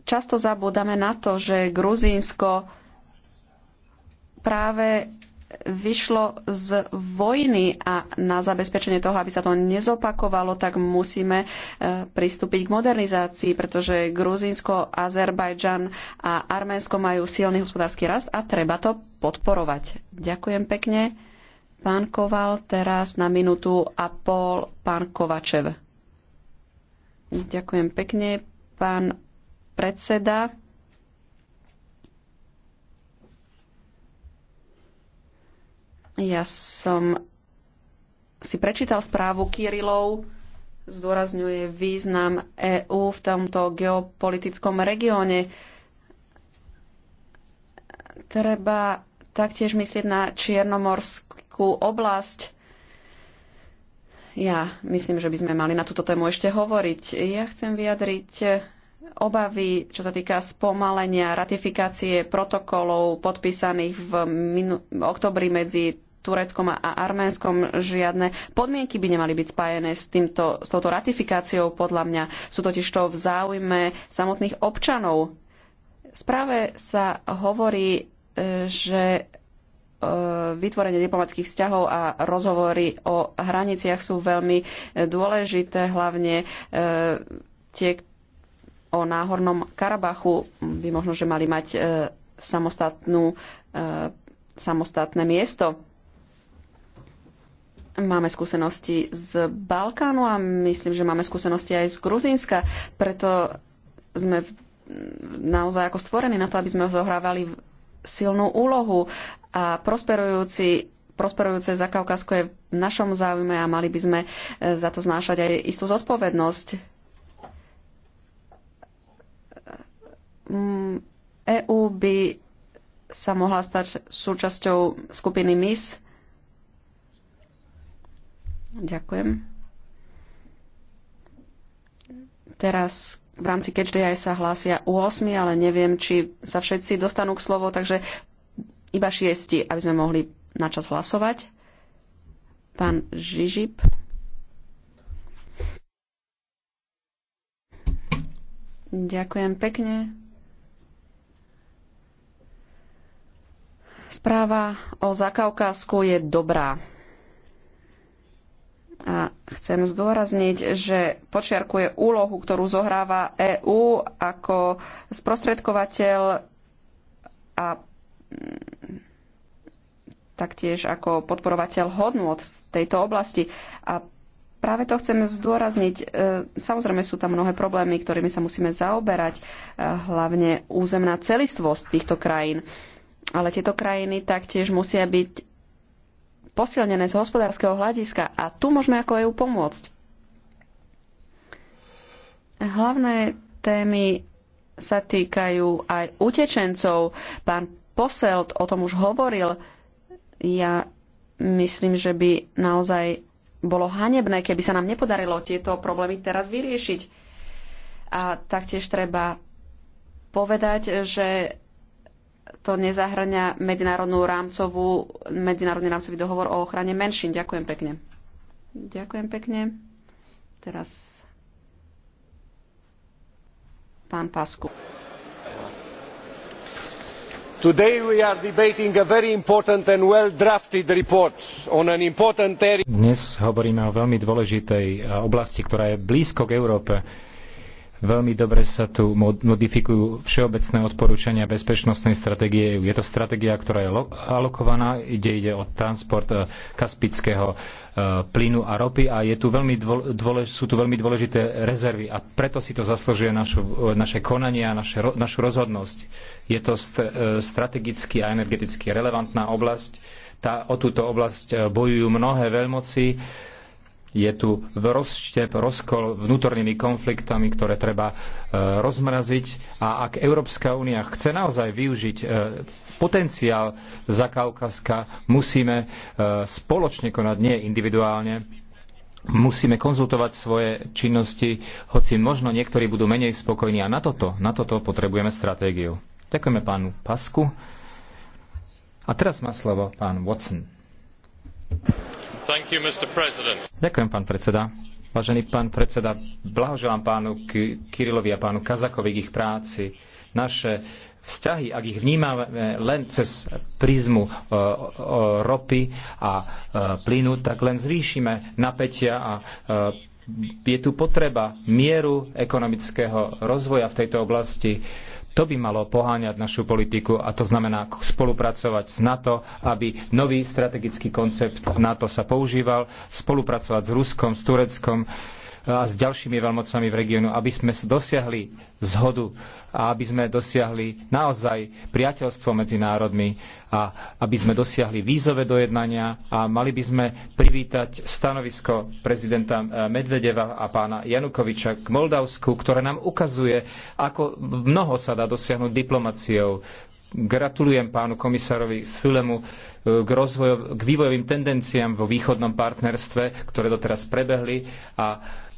Často zabúdame na to, že Gruzínsko práve vyšlo z vojny a na zabezpečenie toho, aby sa to nezopakovalo, tak musíme e, pristúpiť k modernizácii, pretože Gruzínsko, Azerbajdžan a Arménsko majú silný hospodársky rast a treba to podporovať. Ďakujem pekne. Pán Koval, teraz na minútu a pol pán Kovačev. Ďakujem pekne, pán predseda. Ja som si prečítal správu Kirilov, zdôrazňuje význam EÚ v tomto geopolitickom regióne. Treba taktiež myslieť na Čiernomorskú oblasť. Ja myslím, že by sme mali na túto tému ešte hovoriť. Ja chcem vyjadriť obavy, čo sa týka spomalenia ratifikácie protokolov podpísaných v oktobri medzi Tureckom a Arménskom žiadne podmienky by nemali byť spájené s, týmto, s touto ratifikáciou, podľa mňa. Sú totiž to v záujme samotných občanov. správe sa hovorí, e, že e, vytvorenie diplomatických vzťahov a rozhovory o hraniciach sú veľmi e, dôležité, hlavne tie o Náhornom Karabachu by možno, že mali mať samostatnú, samostatné miesto. Máme skúsenosti z Balkánu a myslím, že máme skúsenosti aj z Gruzínska. Preto sme naozaj ako stvorení na to, aby sme zohrávali silnú úlohu a prosperujúci prosperujúce Zakaukasko je v našom záujme a mali by sme e, za to znášať aj istú zodpovednosť. Mm, EÚ by sa mohla stať súčasťou skupiny MIS Ďakujem. Teraz v rámci Catch the Eye sa hlásia u 8, ale neviem, či sa všetci dostanú k slovo, takže iba šiesti, aby sme mohli načas hlasovať. Pán Žižip. Ďakujem pekne. Správa o zakaukázku je dobrá. A chcem zdôrazniť, že počiarkuje úlohu, ktorú zohráva EÚ ako sprostredkovateľ a mm, taktiež ako podporovateľ hodnot v tejto oblasti. A práve to chcem zdôrazniť. E, samozrejme sú tam mnohé problémy, ktorými sa musíme zaoberať, e, hlavne územná celistvosť týchto krajín. Ale tieto krajiny taktiež musia byť posilnené z hospodárskeho hľadiska a tu môžeme ako EU pomôcť. Hlavné témy sa týkajú aj utečencov. Pán Poselt o tom už hovoril. Ja myslím, že by naozaj bolo hanebné, keby sa nám nepodarilo tieto problémy teraz vyriešiť. A taktiež treba povedať, že to nezahrňa medzinárodnú rámcovú, medzinárodný rámcový dohovor o ochrane menšín. Ďakujem pekne. Ďakujem pekne. Teraz pán Pasku. Dnes hovoríme o veľmi dôležitej eh, oblasti, ktorá je blízko k Európe Veľmi dobre sa tu modifikujú všeobecné odporúčania bezpečnostnej stratégie. E je to stratégia, ktorá je alokovaná, kde ide o transport e, kaspického e, plynu a ropy a je tu veľmi dôle, sú tu veľmi dôležité rezervy a preto si to zaslúžuje našu, naše konanie a naše, našu rozhodnosť. Je to st- strategicky a energeticky relevantná oblasť. Tá, o túto oblasť bojujú mnohé veľmoci je tu rozštep, rozkol vnútornými konfliktami, ktoré treba e, rozmraziť. A ak Európska únia chce naozaj využiť e, potenciál Zakaukazka, musíme e, spoločne konať, nie individuálne. Musíme konzultovať svoje činnosti, hoci možno niektorí budú menej spokojní. A na toto, na toto potrebujeme stratégiu. Ďakujeme pánu Pasku. A teraz má slovo pán Watson. Ďakujem, pán predseda. Vážený pán predseda, blahoželám pánu Kirilovi a pánu Kazakovi k ich práci. Naše vzťahy, ak ich vnímame len cez prízmu e, ropy a e, plynu, tak len zvýšime napätia a e, je tu potreba mieru ekonomického rozvoja v tejto oblasti to by malo poháňať našu politiku a to znamená spolupracovať s NATO, aby nový strategický koncept NATO sa používal, spolupracovať s Ruskom, s Tureckom, a s ďalšími veľmocami v regiónu, aby sme dosiahli zhodu a aby sme dosiahli naozaj priateľstvo medzi národmi a aby sme dosiahli vízové dojednania a mali by sme privítať stanovisko prezidenta eh, Medvedeva a pána Janukoviča k Moldavsku, ktoré nám ukazuje, ako mnoho sa dá dosiahnuť diplomáciou. Gratulujem pánu komisárovi Filemu eh, k, rozvojov, k vývojovým tendenciám vo východnom partnerstve, ktoré doteraz prebehli a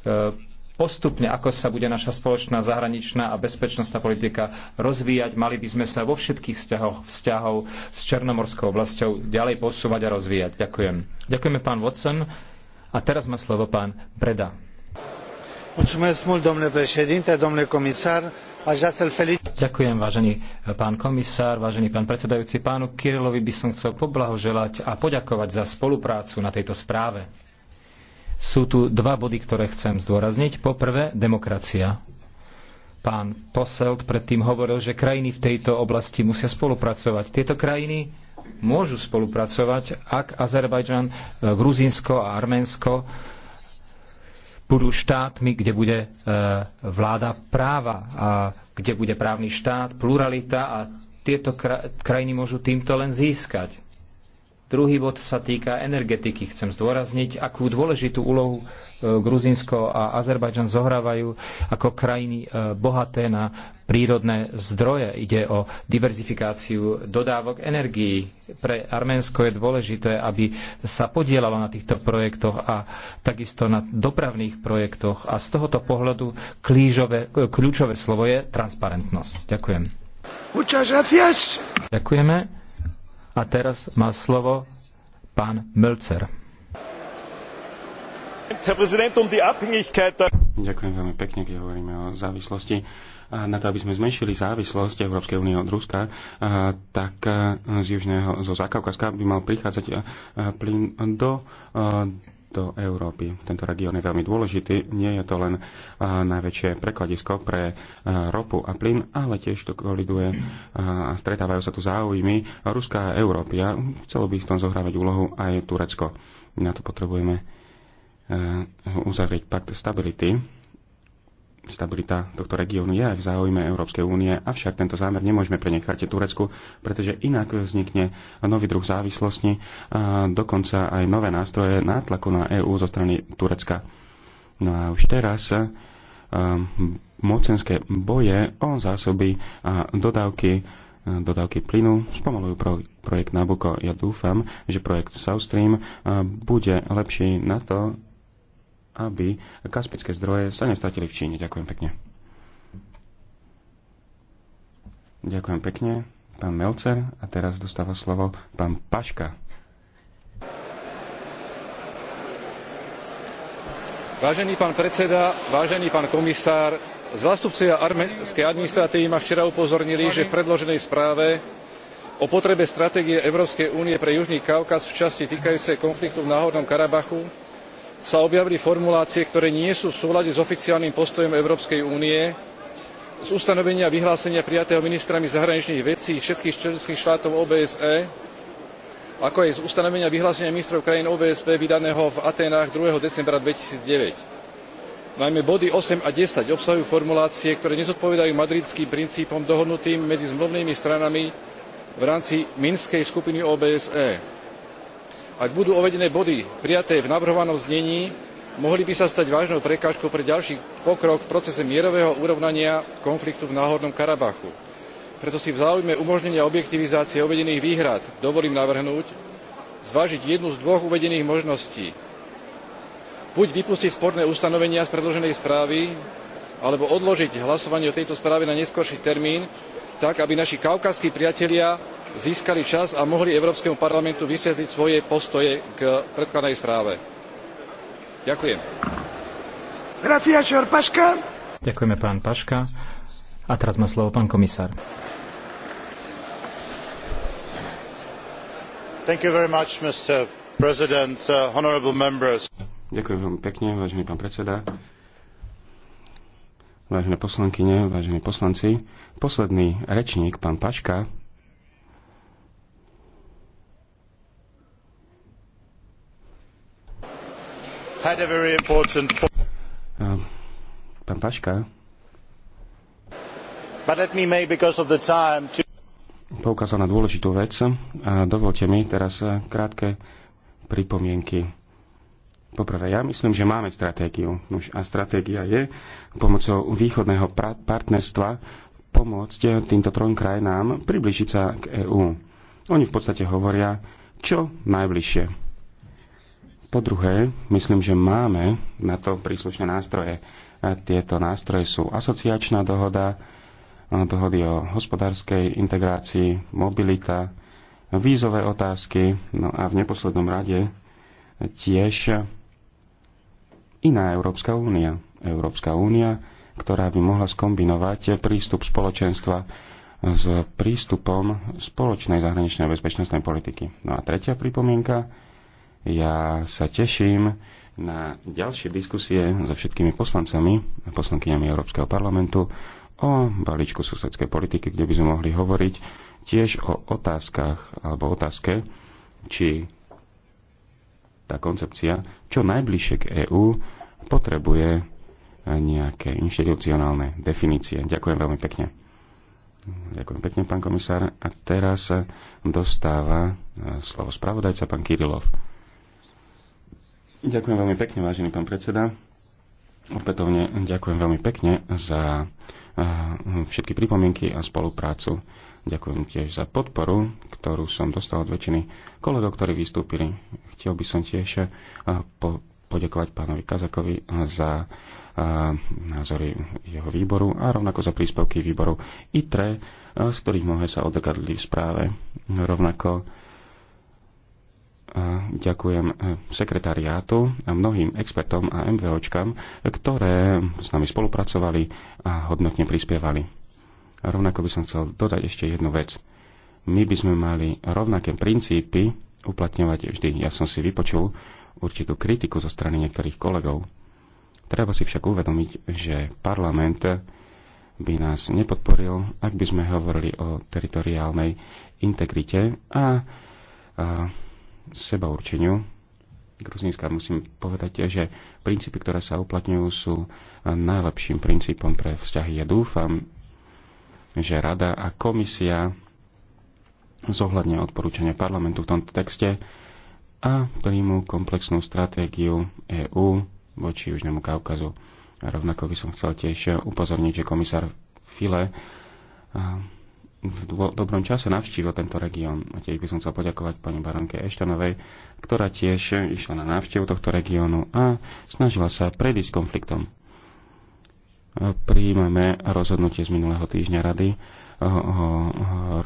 E, postupne, ako sa bude naša spoločná zahraničná a bezpečnostná politika rozvíjať, mali by sme sa vo všetkých vzťahoch, vzťahov s Černomorskou oblasťou ďalej posúvať a rozvíjať. Ďakujem. Ďakujeme pán Watson. A teraz má slovo pán Breda. Ďakujem, vážený pán komisár, vážený pán predsedajúci. Pánu Kirilovi by som chcel poblahoželať a poďakovať za spoluprácu na tejto správe. Sú tu dva body, ktoré chcem zdôrazniť. Poprvé, demokracia. Pán Poselt predtým hovoril, že krajiny v tejto oblasti musia spolupracovať. Tieto krajiny môžu spolupracovať, ak Azerbajdžan, e, Gruzinsko a Arménsko budú štátmi, kde bude e, vláda práva a kde bude právny štát, pluralita a tieto krajiny môžu týmto len získať. Druhý bod sa týka energetiky. Chcem zdôrazniť, akú dôležitú úlohu e, Gruzinsko a Azerbajdžan zohrávajú ako krajiny e, bohaté na prírodné zdroje. Ide o diverzifikáciu dodávok energií. Pre Arménsko je dôležité, aby sa podielalo na týchto projektoch a takisto na dopravných projektoch. A z tohoto pohľadu klížové, e, kľúčové slovo je transparentnosť. Ďakujem. Ďakujeme. A teraz má slovo pán Mölcer. Um Ďakujem veľmi pekne, keď hovoríme o závislosti. A na to, aby sme zmenšili závislosť Európskej únie od Ruska, tak z južného, zo Zakaukaska by mal prichádzať plyn do do Európy. Tento región je veľmi dôležitý. Nie je to len najväčšie prekladisko pre ropu a plyn, ale tiež to koliduje a stretávajú sa tu záujmy Ruska a Európy. A chcelo by v tom zohrávať úlohu aj Turecko. Na to potrebujeme uzavrieť pakt stability Stabilita tohto regiónu je aj v záujme Európskej únie, avšak tento zámer nemôžeme prenechať Turecku, pretože inak vznikne nový druh závislosti, a dokonca aj nové nástroje nátlaku na EÚ zo strany Turecka. No a už teraz um, mocenské boje o zásoby a dodávky dodávky plynu spomalujú pro, projekt Nabucco. Ja dúfam, že projekt South Stream bude lepší na to, aby kaspické zdroje sa nestratili v Číne. Ďakujem pekne. Ďakujem pekne, pán Melcer. A teraz dostáva slovo pán Paška. Vážený pán predseda, vážený pán komisár, zástupcovia arménskej administratívy ma včera upozornili, že v predloženej správe o potrebe stratégie Európskej únie pre Južný Kaukaz v časti týkajúcej konfliktu v Náhodnom Karabachu sa objavili formulácie ktoré nie sú v súlade s oficiálnym postojom európskej únie z ustanovenia vyhlásenia prijatého ministrami zahraničných vecí všetkých členských štátov obse ako aj z ustanovenia vyhlásenia ministrov krajín obsp vydaného v aténach. two decembra two thousand and nine najmä body eight a ten obsahujú formulácie ktoré nezodpovedajú madridským princípom dohodnutým medzi zmluvnými stranami v rámci minskej skupiny obse ak budú uvedené body prijaté v navrhovanom znení mohli by sa stať vážnou prekážkou pre ďalší pokrok v procese mierového urovnania konfliktu v náhornom karabachu. preto si v záujme umožnenia objektivizácie uvedených výhrad dovolím navrhnúť zvážiť jednu z dvoch uvedených možností buď vypustiť sporné ustanovenia z predloženej správy alebo odložiť hlasovanie o tejto správe na neskorší termín tak aby naši kaukazskí priatelia získali čas a mohli európskemu parlamentu vysvetliť svoje postoje k predkladanej správe. ďakujem. Ďakujeme pán Paška. A teraz má slovo pán komisár. Much, uh, Ďakujem veľmi pekne, vážený pán predseda. Vážené poslankyne, vážení poslanci, posledný rečník, pán Paška, had a very important point. Ehm, Paška. But let me make because of the time to... Poukázal na dôležitú vec a dovolte mi teraz eh, krátke pripomienky. Poprvé, ja myslím, že máme stratégiu. Už a stratégia je pomocou východného partnerstva pomôcť týmto trom krajinám približiť sa k EÚ. Oni v podstate hovoria, čo najbližšie po druhé, myslím, že máme na to príslušné nástroje. Tieto nástroje sú asociačná dohoda, dohody o hospodárskej integrácii, mobilita, vízové otázky, no a v neposlednom rade tiež iná Európska únia. Európska únia, ktorá by mohla skombinovať prístup spoločenstva s prístupom spoločnej zahraničnej a bezpečnostnej politiky. No a tretia pripomienka, ja sa teším na ďalšie diskusie so všetkými poslancami a poslankyňami Európskeho parlamentu o balíčku susedskej politiky, kde by sme mohli hovoriť tiež o otázkach alebo otázke, či tá koncepcia čo najbližšie k EÚ potrebuje nejaké inštitucionálne definície. Ďakujem veľmi pekne. Ďakujem pekne, pán komisár. A teraz dostáva slovo spravodajca, pán Kirilov. Ďakujem veľmi pekne, vážený pán predseda. Opätovne ďakujem veľmi pekne za eh, všetky pripomienky a spoluprácu. Ďakujem tiež za podporu, ktorú som dostal od väčšiny kolegov, ktorí vystúpili. Chcel by som tiež eh, poďakovať pánovi Kazakovi za eh, názory jeho výboru a rovnako za príspevky výboru ITRE, z ktorých mnohé sa odrkadli v správe. Rovnako ďakujem e, sekretariátu a mnohým expertom a MVOčkám, ktoré s nami spolupracovali a hodnotne prispievali. A rovnako by som chcel dodať ešte jednu vec. My by sme mali rovnaké princípy uplatňovať vždy. Ja som si vypočul určitú kritiku zo strany niektorých kolegov. Treba si však uvedomiť, že parlament by nás nepodporil, ak by sme hovorili o teritoriálnej integrite a, a seba určeniu Gruzínska musím povedať, že princípy, ktoré sa uplatňujú, sú najlepším princípom pre vzťahy. Ja dúfam, že rada a komisia zohľadne odporúčania parlamentu v tomto texte a príjmu komplexnú stratégiu EÚ voči Južnému Kaukazu. A rovnako by som chcel tiež upozorniť, že komisár File v dobrom čase navštívil tento región. A tiež by som chcel poďakovať pani baronke Eštanovej, ktorá tiež išla na návštevu tohto regiónu a snažila sa predísť konfliktom. Príjmeme rozhodnutie z minulého týždňa rady o, o, o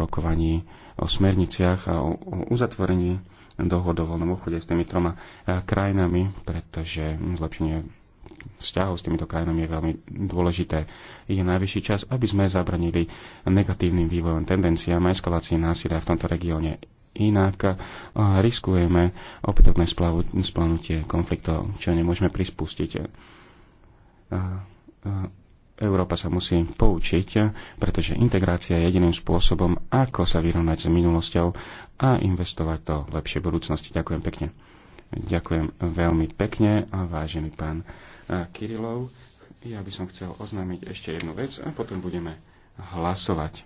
rokovaní o smerniciach a o, o uzatvorení dohod o voľnom obchode s tými troma eh, krajinami, pretože zlepšenie vzťahov s týmito krajinami je veľmi dôležité. Je najvyšší čas, aby sme zabranili negatívnym vývojom tendenciám a eskalácii násilia v tomto regióne. Inak eh, riskujeme opätovné splanutie konfliktov, čo nemôžeme prispustiť. Eh, eh, Európa sa musí poučiť, pretože integrácia je jediným spôsobom, ako sa vyrovnať s minulosťou a investovať do lepšej budúcnosti. Ďakujem pekne. Ďakujem veľmi pekne a vážený pán Kirilov. Ja by som chcel oznámiť ešte jednu vec a potom budeme hlasovať.